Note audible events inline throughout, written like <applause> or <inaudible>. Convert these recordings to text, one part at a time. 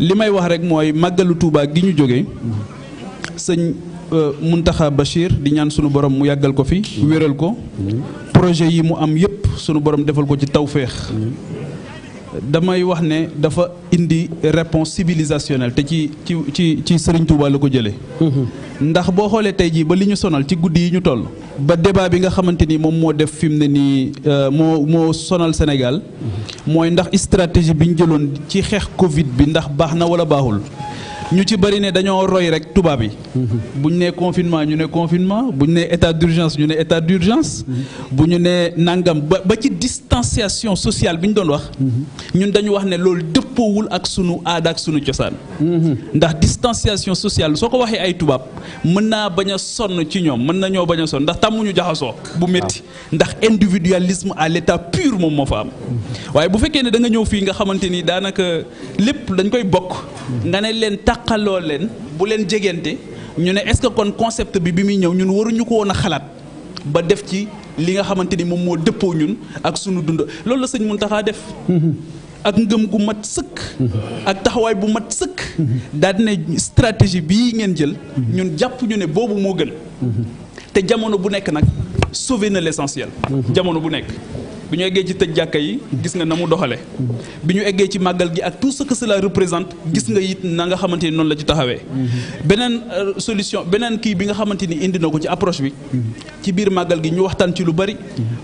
li may wax rek mooy màggalu Touba gi ñu jóge sëñ euh, taxa Bachir di ñaan sunu borom mu yàggal ko fi wéral ko mm-hmm. projet yi mu am yépp sunu borom defal ko ci tawféex mm-hmm. damay wax ne dafa indi réponse civilisationnelle te ci ci ci ci Serigne Touba la ko jëlee. Mhm. ndax boo xoolee tey jii ba li ñu sonal ci guddi yi ñu toll. ba débat bi nga xamante ni moom moo def fi mu ne nii euh, moo moo sonal Sénégal. Mhm. mooy ndax istratégie bi ñu jëloon ci xeex Covid bi ndax baax na wala baaxul. ñu ci bëri ne dañoo roy rek tubaab yi. bu ñu nee confinement ñu ne confinement bu ñu nee état ñu ne état d'urgence. bu ñu nee nangam ba ba ci distanciation sociale bi ñu doon wax. ñun dañu wax ne loolu dëppoowul ak sunu aada ak sunu cosaan. ndax distanciation sociale soo ko waxee ay tubaab mën naa bañ a sonn ci ñoom mën nañoo bañ a sonn ndax tàmmuñu jaxasoo. bu métti ndax individualisme à l'état pur moom moo fa am. waaye bu fekkee ne da nga ñëw fii nga xamante ni daanaka lépp dañ koy bokk. taqaloo leen bu leen jegante ñu ne est-ce que kon concept bi bi muy ñëw ñun waruñu ko woon a xalaat ba def ci li nga xamante ni moom moo dëppoo ñun ak suñu dund loolu la sëñ taxaa def. ak ngëm gu mat sëkk. ak taxawaay bu mat sëkk. daal stratégie bi stratégie ngeen jël. ñun jàpp ñu ne boobu moo gën. te jamono bu nekk nag sauver na l'essentiel. jamono bu nekk. bi ñu eggee ci tëj jàkka yi gis nga na mu doxale bi ñu eggee ci màggal gi ak tout sa que cela représente gis nga it na nga xamante noonu la ci taxawee beneen euh, solution beneen kii bi nga xamante ni indi na ko ci approche bi ci biir màggal gi ñu waxtaan ci lu bari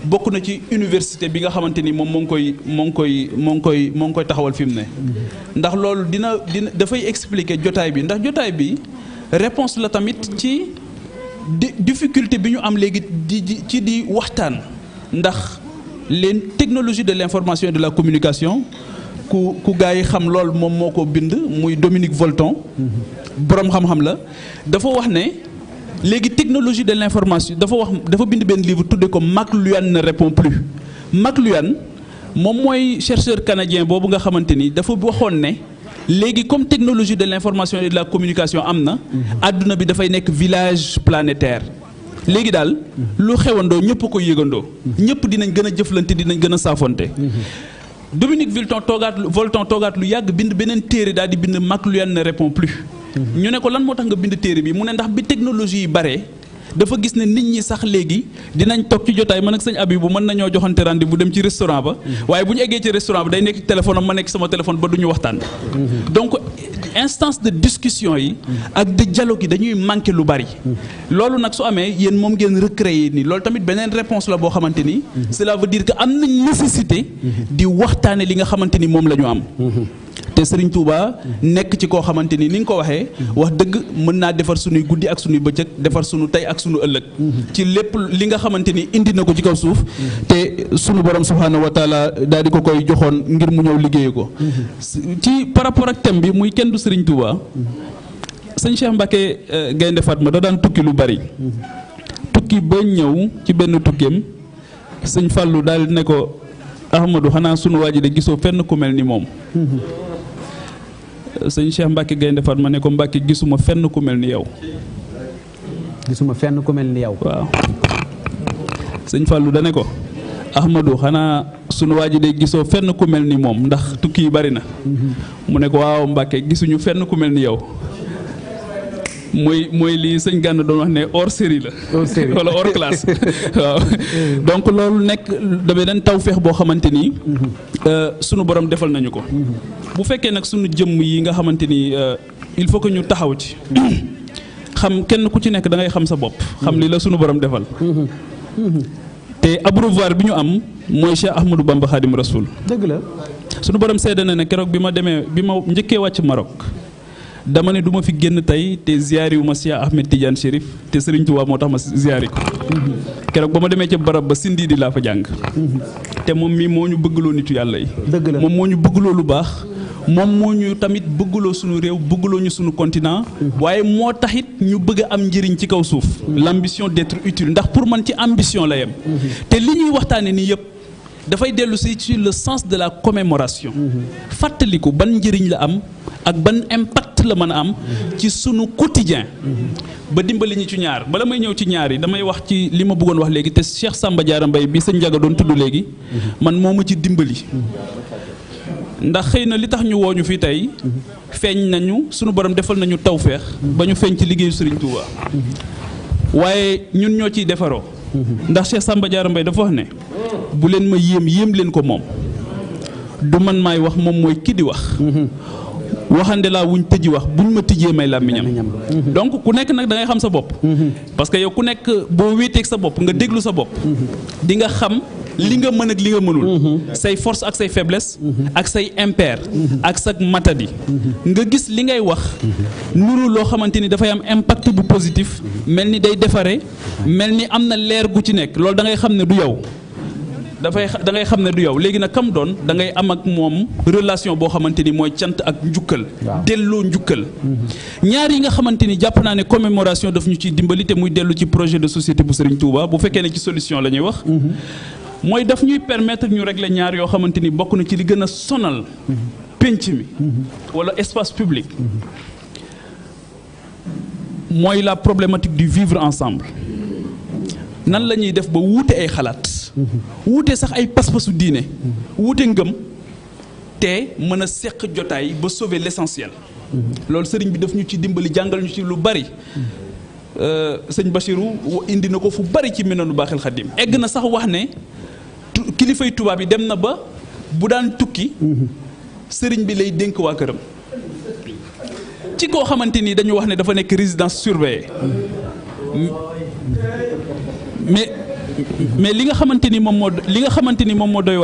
bokk na ci université bi nga xamante ni moom moo ngi koy moo ngi koy moo ngi koy moo ngi koy taxawal fi mu ne ndax loolu dina dina dafay expliquer jotaay bi ndax jotaay bi réponse la tamit ci difficulté bi ñu am léegi di ci di waxtaan ndax les technologie de l'information et de la communication ku ku gars yi xam lool moom moo ko bind muy Dominique Volton boroom xam-xam la dafa wax ne léegi technologie de l'information dafa wax dafa bind benn livre tudde ko McLuhan ne répond plus McLuhan moom mooy chercheur canadien boobu nga xamante ni dafa waxoon ne léegi comme technologie de l'information et de la communication am na àdduna mhm. bi dafay nekk village planétaire léegi daal lu xewandoo ñëpp ko yëgandoo ñëpp dinañ gën a jëflante dinañ gën a saafonte Dominique Vilton toogaat Volton toogaat lu yàgg bind beneen téere daal di bind McLuhan ne répond plus mhm. ñu ne ko lan moo tax nga bind téere bi mu ne ndax bi technologie yi bare dafa gis ne nit ñi sax léegi dinañ toog ci jotaay man ak sëñ abi bu mën nañoo joxante rendez bu dem ci restaurant ba mhm. waaye bu ñu eggee ci restaurant ba day nekk téléphone am ma nekk sama téléphone ba du waxtaan mhm. donc instance de discussion yi mhm. ak de dialogue gi dañuy manqué lu bari loolu nag su amee yéen moom ngeen recréer nii loolu tamit beneen réponse la boo xamante ni cela veut dire que am nañ nécessité di waxtaanee li nga xamante ni moom la ñu am te Serigne Touba nekk ci koo xamante ni ni nga ko waxee wax dëgg mën naa defar suñuy guddi ak suñuy bëccëg defar suñu tey ak suñu ëllëg ci lépp li nga xamante ni indi na ko ci kaw suuf te suñu borom subhaanahu wa taala daal di ko koy joxoon ngir mu ñëw liggéey ko ci par rapport ak thème bi muy kenn du Serigne Touba sëñ Cheikh Mbacke euh, Gaynde ma da daan tukki lu bari tukki ba ñëw ci benn tukkeem sëñ Fallou daal di ne ko Ahmadou xanaa sunu waa ji de gisoo fenn ku mel moom sëñ Cheikh Mbacke Gaynde Fatma ne ko Mbacke gisuma fenn ku mel ni yow. gisuma fenn ku mel yow. waaw sëñ da ne ko. Ahmadou xanaa sunu waa ji de gisoo fenn ku mel ni moom ndax tukki yi bari na. Mhm. mu ne ko waaw Mbacke gisuñu fenn ku mel ni yow. mooy mooy lii sëñ Gana doon wax ne hors série la. hors série wala hors classe <laughs> waaw donc loolu nekk damay dañ taw feex boo xamante ni. Mhm. Euh, sunu borom defal nañu ko. Mhm. bu fekkee nag sunu jëmm yi nga xamante ni euh, il faut que ñu taxaw ci. <clears throat> xam kenn ku ci nekk da ngay xam sa bopp. xam mhm. lii la sunu borom defal. te abreuvoir bi ñu am mooy Cheikh Ahmadou Bamba Khadim Rasoul. dëgg la sunu borom seede na keroog bi ma demee bi ma njëkkee wàcc Maroc. dama ne du ma fi génn tey te ziyaari wu ma Cheikh Ahmed Tidiane Chérif te Serigne Touba moo tax ma ziyaari ko keroog ba ma demee ca barab ba sindii di laa fa jàng te moom mii moo ñu bëggloo nitu yàlla yi moom moo ñu bëgguloo lu baax moom moo ñu tamit bëgguloo sunu réew bëgguloo ñu suñu continent waaye moo taxit ñu bëgg am njëriñ ci kaw suuf l'ambition d'être utile ndax pour man ci ambition la yem te li ñuy waxtaane nii yëpp dafay dellu si ci le sens de la commémoration mmh. fàttaliku ban njëriñ la am la mën a am ci sunu quotidien ba dimbali ñu ci ñaar bala may ñëw ci ñaar yi damay wax ci li ma buggoon wax léegi te Cheikh Samba Diarra bi sëñ Njaga doon tudd léegi man moo ma ci dimbali ndax xëy na li tax ñu wooñu ñu fii tey feeñ nañu sunu borom defal nañu tawféex ba ñu feeñ ci liggéeyu Serigne Touba waaye ñun ñoo ciy defaroo ndax Cheikh Samba Diarra Mbaye dafa wax ne bu ma yéem yéem leen ko moom du man maay wax moom mooy ki di wax waxande laa wuñ tëji wax buñ ma tijjee may làmmiñam mm-hmm. donc ku nekk nag dangay xam sa bopp mm-hmm. parce que yow ku nekk boo wéeteeg sa bopp nga déglu sa bopp mm-hmm. di nga xam li nga mën ak li nga mënul say force ak say faiblesse ak say impair ak sa matadi gis li ngay wax nuru loo xamante ni dafay am impact bu positif mel ni day defare mel ni am na leer gu ci nekk loolu da ngay xam ne du yow dafay da xam ne du yow léegi nag kam doon da ngay am ak moom relation boo xamante ni mooy cant ak njukkal. delloo njukkal. Mm-hmm. ñaar yi nga xamante ni jàpp naa ne commémoration daf ñu ciy dimbali te muy dellu ci projet de société bu Serigne Touba bu fekkee ne ci solution la ñuy wax. Mm-hmm. mooy daf ñuy permettre ñu régler ñaar yoo xamante ni bokk na ci li gën a sonal. Mm-hmm. pénc mi. wala espace public. mooy la problématique du vivre ensemble. nan la ñuy def ba wuute ay xalaat. wuute sax ay pas-pasu diine wuute ngëm te mën a seq jotaay ba sauver l'essentiel loolu sëriñ bi daf ñu ci dimbali jàngal ñu ci lu bari euh, sëñ Bachirou indi na ko fu bari ci Minanu Baaxil Xadim egg na sax wax ne kilifay tubaab yi dem na ba bu daan tukki sëriñ bi lay dénk waa këram ci koo xamante ni dañu wax ne dafa nekk résidence surveillée mais mais li nga xamante ni moom moo li nga xamante ni moom moo doy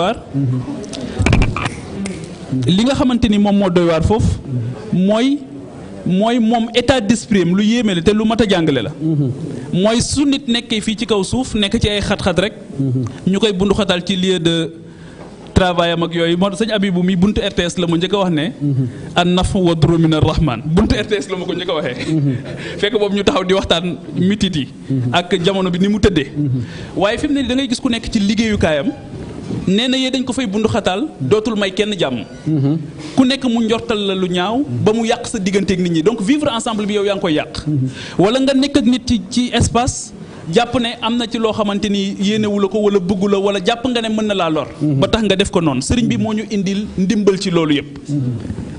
nga xamante ni moom moo doy foofu mooy mooy moom état d'esprit am lu yéeme la te lu mat a jàngale la. mooy su nit nekkee fii ci kaw suuf nekk ci ay xat-xat rek. ñu koy bundu ci lieu de. travail am ak yooyu moo sëñ Abibu mi buntu RTS la ma njëkk a wax ne. an nafu wa duru min ar rahman buntu RTS la ma ko njëkk a waxee. fekk boobu ñu taxaw di waxtaan mitit yi. ak jamono bi ni mu tëddee. waaye fi ne nii da gis ku nekk ci liggéeyukaayam. nee yee dañ ko fay bundu dootul may kenn jàmm. ku nekk mu njortal la lu ñaaw. ba mu yàq sa digganteeg nit ñi donc vivre ensemble bi yow yaa ngi koy yàq. wala nga nekk ak nit ci ci jàpp ne am na ci loo xamante ni yéenewu la ko wala bëggu la wala jàpp nga ne mën na laa lor. Mhm. ba tax nga def ko noonu sëriñ bi moo ñu indil ndimbal ci loolu yëpp. Mhm.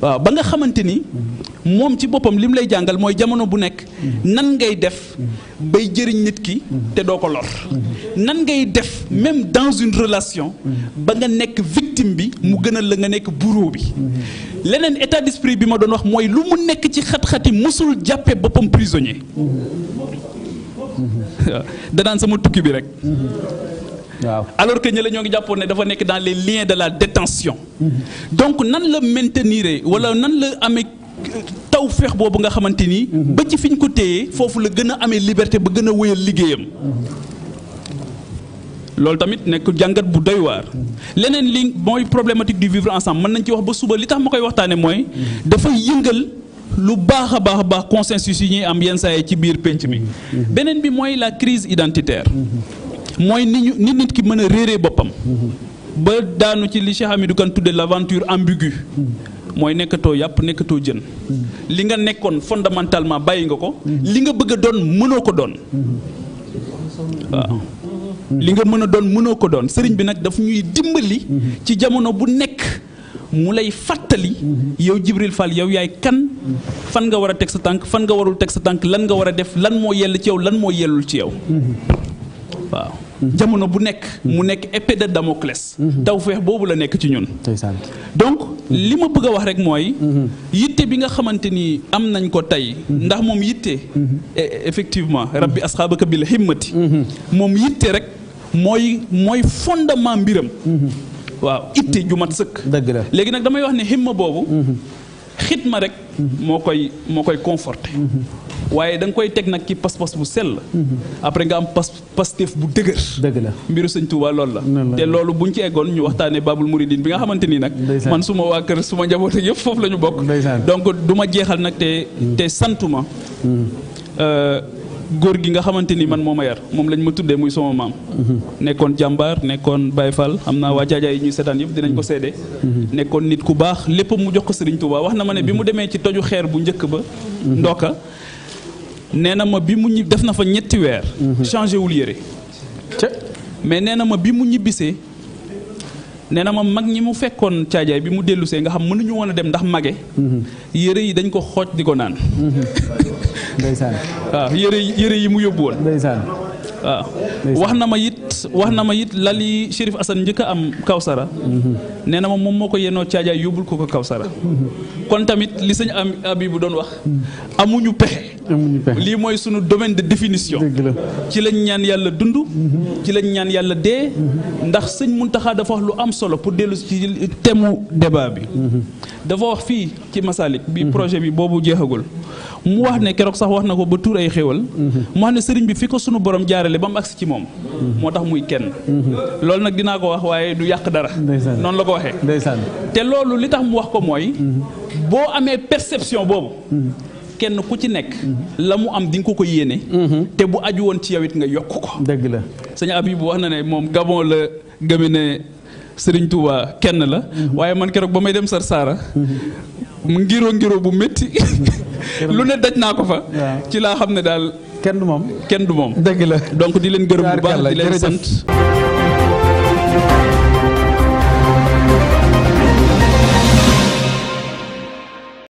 waaw ba nga xamante ni mhm. moom ci boppam lim lay jàngal mooy jamono bu nekk nan ngay def bay jëriñ nit ki te doo ko lor nan ngay def même dans une relation ba nga nekk victime bi mu gënal la nga nekk bourreau bi leneen état d'esprit bi ma doon wax mooy lu mu nekk ci xat-xati mosul jàppe boppam prisonnier waaw da sama tukki bi rek. waaw alors que ñële ñoo ngi jàppoon ne dafa nekk dans les liens de la détention donc nan la maintenir wala nan la amee taw feex boobu nga xamante ni. ba ci fiñ ko téyee foofu la gën a amee liberté ba gën a wéyal liggéeyam. loolu tamit nekk jàngat bu doy waar leneen li mooy problématique du vivre ensemble mën nañ ci wax ba suba li tax ma koy waxtaane mooy dafa yëngal. lu baax a baax a baax consensus yi ñuy am yenn saa yi ci biir penc mi. beneen bi mooy la crise identitaire. mooy ni ñu ni nit ki mën a réere boppam. ba daanu ci li Cheikh Hamidou Kane tudde l' aventure ambiguë. mooy nekkatoo yàpp nekkatoo jën. li nga nekkoon fondamentalement bàyyi nga ko. li nga bëgg a doon mënoo ko doon. waaw. li nga mën a doon mënoo ko doon sëriñ bi nag daf ñuy dimbali. ci jamono bu nekk. mu lay fàttali. yow Jibril Fall yow yaay kan fan nga war a teg sa tànk fan nga warul teg sa tànk lan nga war a def lan moo yell ci yow lan moo yellul ci yow. waaw jamono bu nekk mu nekk épée de Damoclès. tawfeex boobu la nekk ci ñun. donc li ma bëgg a wax rek mooy. yitte bi nga xamante ni am nañ ko tey. ndax moom yitte. E-, effectivement rabbi asxaabaka bil himmati. Mm-hmm. moom yitte rek mooy mooy fondement mbiram. waaw itte ju mat sëkk. dëgg la léegi nag damay wax ne himma boobu. Mhm. xit ma rek. moo koy moo koy conforte mhm. waaye da nga koy teg nag ci pas-pas bu sell. Mhm. après nga am pas pastef bu dëgër. dëgg la mbiru sëñ Touba loolu la. te loolu buñ ci eggoon ñu waxtaanee Babul Mouridine bi nga xamante ni nag. man suma waa kër su ma njaboot yëpp foofu la ñu bokk. donc du ma jeexal nag te te santuma euh, góor gi nga xamante ni man moo ma yar moom lañ ma tuddee muy sama maam. nekkoon jàmbaar nekkoon Baye fal xam naa waa jaajaay yi ñuy seetaan yëpp dinañ ko seede. nekkoon nit ku baax lépp mu jox ko Serigne Touba wax na ma ne bi mu demee ci toju xeer bu njëkk ba. ndoka nee na ma bi mu ñib def na fa ñetti weer. changé wul yére. mais nee na ma bi mu ñibbisee nee na ma mag ñi mu fekkoon caajaay bi mu dellusee nga xam mënuñu woon a dem ndax mage. Mhm. yére yi dañ ko xooj di ko naan. Mhm. <laughs> ndeysaan waaw ah, yëre yëre yi mu yóbbu woon ndeysaan waaw wax na ma it wax na ma it yi Chérif Assane njëkk a am Kawsara mhm. nee na ma moom moo ko yenoo caajaay yóbbul ko ko Kawsara mhm. kon tamit li sëñ am abi bu doon wax mhm. amuñu pexe lii mooy sunu domaine de définition ci lañ ñaan yàlla dund ci lañ ñaan yàlla dee ndax sëñ Muntaxa dafa wax lu am solo pour dellu ci thème débat bi dafa wax fii ci Masalik bi projet bi boobu jeexagul mu wax ne keroog sax wax na ko ba tuur ay xéwal mu wax ne sëriñ bi fi ko sunu jàllale ba mu agsi ci moom moo tax muy kenn loolu nag dinaa ko wax waaye du yàq dara noon la ko waxee ndeysaan te loolu li tax mu wax ko mooy boo amee perception boobu kenn ku ci nekk la mu am di nga ko ko yéene te bu aju woon ci yow it nga yokk ko dëgg la sëñ Abibu wax na ne moom Gabon la gëme ne Sëriñ Tuuba kenn la waaye man keroog ba may dem sar saara ngiro ngiro bu métti <laughs> lu ne daj naa ko fa ci laa xam ne daal kenn du moom kenn du moom. dëgg la donc di leen gërëm bu baax di leen sant.